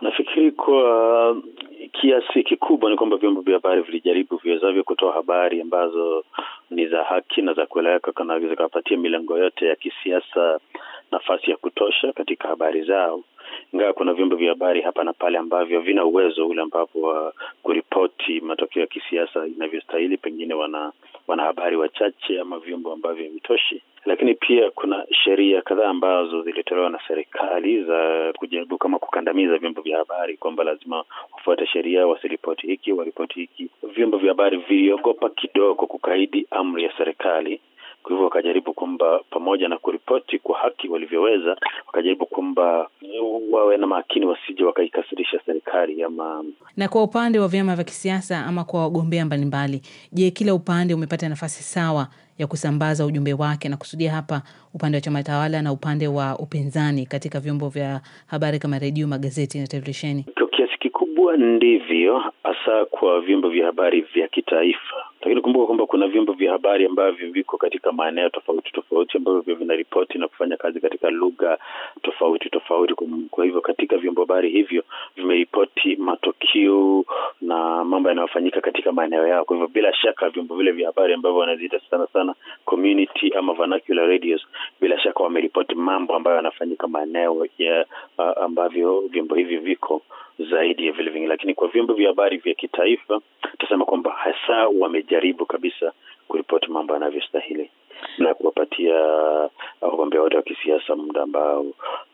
Nafikiri kwa kiasi kikubwa ni kwamba vyombo vya habari vilijaribu viwezavyo kutoa habari ambazo ni za haki na za kueleweka, kana zikawapatia milango yote ya kisiasa nafasi ya kutosha katika habari zao, ingawa kuna vyombo vya habari hapa na pale ambavyo vina uwezo ule ambapo wa kuripoti matokeo ya kisiasa inavyostahili, pengine wana wanahabari wachache ama vyombo ambavyo vitoshi lakini pia kuna sheria kadhaa ambazo zilitolewa na serikali za kujaribu kama kukandamiza vyombo vya habari kwamba lazima wafuate sheria, wasiripoti hiki, waripoti hiki. Vyombo vya habari viliogopa kidogo kukaidi amri ya serikali kwa hivyo wakajaribu kwamba pamoja na kuripoti kwa haki walivyoweza, wakajaribu kwamba wawe na makini, wasije wakaikasirisha serikali ama. Na kwa upande wa vyama vya kisiasa ama kwa wagombea mbalimbali, je, kila upande umepata nafasi sawa ya kusambaza ujumbe wake? Na kusudia hapa upande wa chama tawala na upande wa upinzani katika vyombo vya habari kama redio, magazeti na televisheni. Kwa kiasi kikubwa ndivyo, hasa kwa vyombo vya habari vya kitaifa lakini kumbuka kwamba kuna vyombo vya habari ambavyo viko katika maeneo tofauti tofauti ambavyo vinaripoti na kufanya kazi katika lugha tofauti tofauti. Kwa hivyo katika vyombo habari hivyo vimeripoti matukio na mambo yanayofanyika katika maeneo yao. Kwa hivyo bila shaka vyombo vile vya habari ambavyo wanaziita sana sana community ama vernacular radios, bila shaka wameripoti mambo ambayo yanafanyika maeneo ya ambavyo vyombo hivi viko zaidi ya vile vingine, lakini kwa vyombo vya habari vya kitaifa tutasema kwamba sasa wamejaribu kabisa kuripoti mambo yanavyostahili na kuwapatia uh, wagombea wote wa kisiasa muda ambao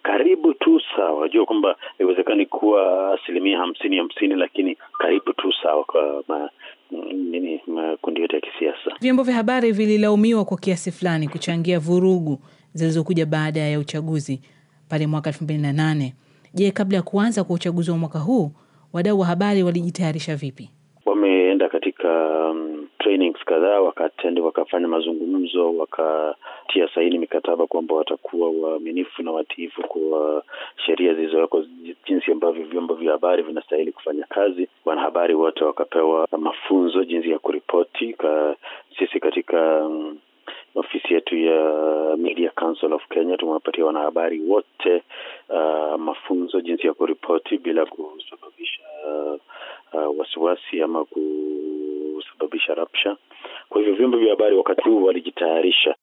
karibu tu sawa. Wajua kwamba haiwezekani kuwa asilimia hamsini hamsini, lakini karibu tu sawa kwa ma, nini makundi yote ya kisiasa. Vyombo vya habari vililaumiwa kwa kiasi fulani kuchangia vurugu zilizokuja baada ya uchaguzi pale mwaka elfu mbili na nane. Je, kabla ya kuanza kwa uchaguzi wa mwaka huu wadau wa habari walijitayarisha vipi? wakaenda katika um, trainings kadhaa, wakaatendi, wakafanya mazungumzo, wakatia saini mikataba kwamba watakuwa waaminifu na watiifu kwa sheria zilizowekwa, jinsi ambavyo vyombo vya habari vinastahili kufanya kazi. Wanahabari wote wakapewa mafunzo jinsi ya kuripoti ka, sisi katika um, ofisi yetu ya Media Council of Kenya tumewapatia wanahabari wote uh, mafunzo jinsi ya kuripoti bila kusababisha uh, uh, wasiwasi ama ku kusababisha rapsha. Kwa hivyo vyombo vya habari wakati huu walijitayarisha